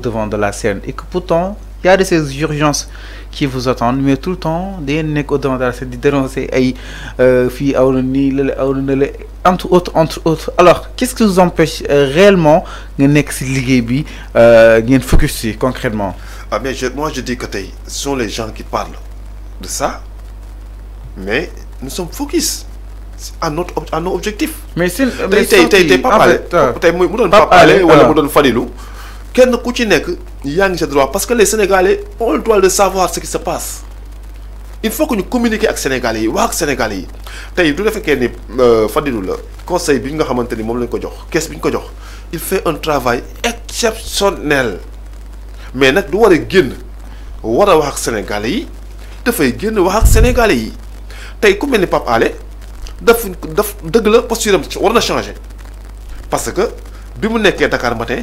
devant de la scène et que pourtant il y a des urgences qui vous attendent mais tout le temps des nègres au devant de la scène dénoncer et euh, puis entre autres entre autres alors qu'est-ce qui vous empêche euh, réellement de pas se bi euh, focus concrètement ah bien moi je dis que ce sont les gens qui parlent de ça mais nous sommes focus à notre à nos objectifs. mais c'est pas tey pas tey pas pas tey mu pas Pape kenn ku ci nekk yaa ngi sa droit parce que les sénégalais ont le droit de savoir ce qui se passe il faut que ñu communiquer ak sénégalais yi wax sénégalais yi tey du defekkee ni euh, Fadilou la conseil bi nga xamante ni moom lañ ko jox kees bi ko jox il fait un travail exceptionnel mais nag du war a génn war a wax ak sénégalais yi dafay génn wax ak sénégalais yi tey ku mel ni Pape Alé daf daf dëgg la posture am war na changer parce que bi mu nekkee Dakar matin.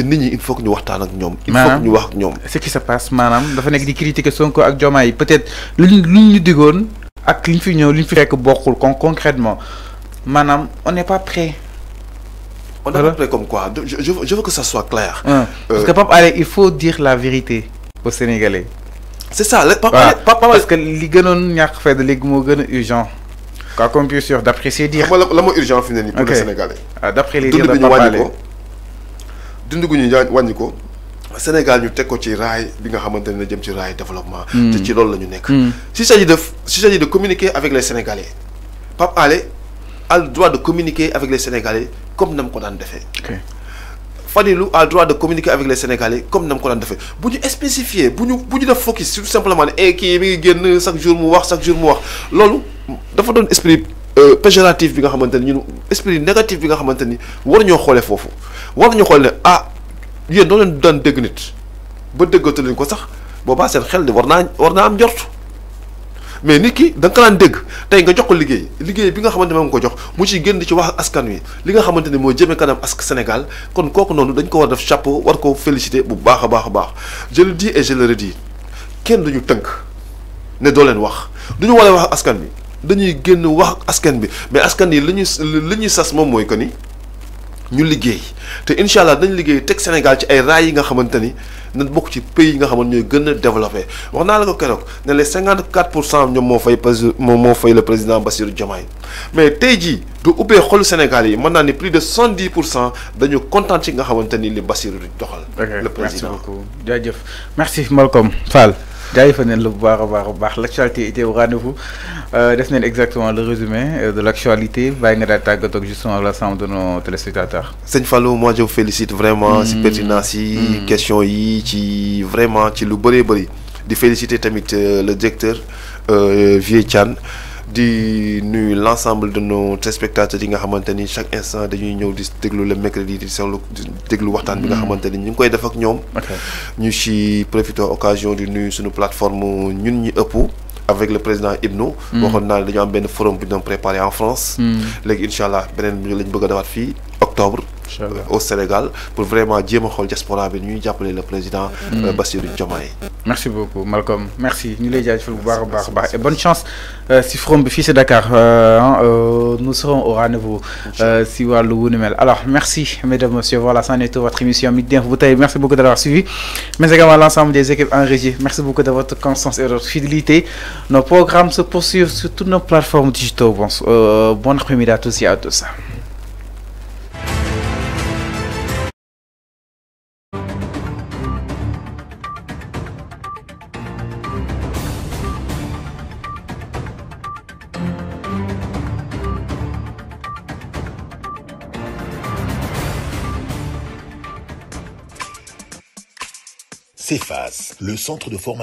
il faut que ce qui se passe peut-être que ñu concrètement madame, on n'est pas prêt. on n'est pas prêt comme quoi je veux, que ça soit clair. Hein. Euh, parce que papa, il faut dire la vérité au Sénégalais. c'est ça parce que li gënoon pas de urgent. Quand on peut d'après ses dires. Le mot urgent finit pour les Sénégalais. Ah, d'après les dund ñu jaa Sénégal ñu teg ko ci raay bi nga xamantene na jëm ci raay développement. Hmm. te ci loolu lañu nekk. Hmm. s'il s'agit de s'il s'agit de communiquer avec les Sénégalais Pape allez, a le droit de communiquer avec les Sénégalais comme nam ko daan defee. Fadilou a le droit de communiquer avec les Sénégalais comme nam ko daan defee buñu spécifier buñu buñu def focus tout simplement et qui eh, mi ngi génn chaque jour mu wax chaque jour mu wax loolu dafa esprit. Euh, péjoratif bi nga xamante ni ñun esprit négatif bi nga xamante ni war ñoo xoolee foofu war ñoo xool ne ah yéen doo leen daan dégg nit ba déggatu leen ko sax boobaa seen xel ni war naa war naa am njort mais nit ki da nga daan dégg tey nga jox ko liggéey liggéey bi nga xamante ne moom nga ko jox mu ciy génn ci askan wi li nga xamante ni mooy jëmee kanam ask Sénégal kon kooku noonu dañ ko war def chapeau war ko félicité bu baax a baax a baax je di dis et je le redis kenn duñu tënk ne doo leen wax duñu war a wax askan wi. dañuy génn wax askan bi mais askan yi li ñuy li ñuy sas moom mooy que ni ñu liggéey te incha allah dañ liggéey teg Sénégal ci ay raay yi nga xamante ni na bokk ci pays yi nga xamante ñooy gën a développé wax naa la ko keroog ne les cinquante quatre pour cent ñoom moo fay moom moo fay le président Bassirou Diomaye mais tey jii du ubbee xolu Sénégal yi mën naa ni plus de cent dix pour cent dañu kontaan ci nga xamante ni li Bassirou di doxal. le président merci beaucoup jaajëf merci Malcolm Fall jaajëfal nañ la bu baax a baax a baax l' actualité était au rendez-vous euh, def nañ exactement le résumé euh, de l' actualité bàyyi nga daal tàggatoo ak justement l'ensemble de nos téléspectateurs. sëñ Fallou moi je vous félicite vraiment. si hmm. pertinence yi hmm. question yi ci vraiment ci lu bëree bëri. di féliciter tamit euh, le directeur Vieux Thian di nuyu l'ensemble de nos téléspectateurs yi nga xamante ni chaque instant dañuy ñëw di déglu le mercredi di seetlu di déglu waxtaan bi nga mm. xamante ni ñu ngi koy def ak ñoom. ñu ci profité occasion di nuyu suñu plateforme ñun ñi ëpp. avec le président Ibnou. Mm. waxoon naa dañu am benn forum bu ñu préparé en France. Mm. léegi incha allah beneen bi lañ bëgg a dawaat au Sénégal pour vraiment dire mon la diaspora venue ñuy le président mm. euh, Bassirou Diomaye merci beaucoup Malcolm merci ñu lay et bonne chance euh, si vous fils de Dakar euh, hein, nous serons au rendez-vous si vous voulez alors merci mesdames messieurs voilà ça n'est tout votre émission Midi Vous merci beaucoup d'avoir suivi mais également l'ensemble des équipes en régie merci beaucoup de votre constance et de votre fidélité nos programmes se poursuivent sur toutes nos plateformes digitales bon bon après-midi à tous et à tous CEFAS, le centre de formation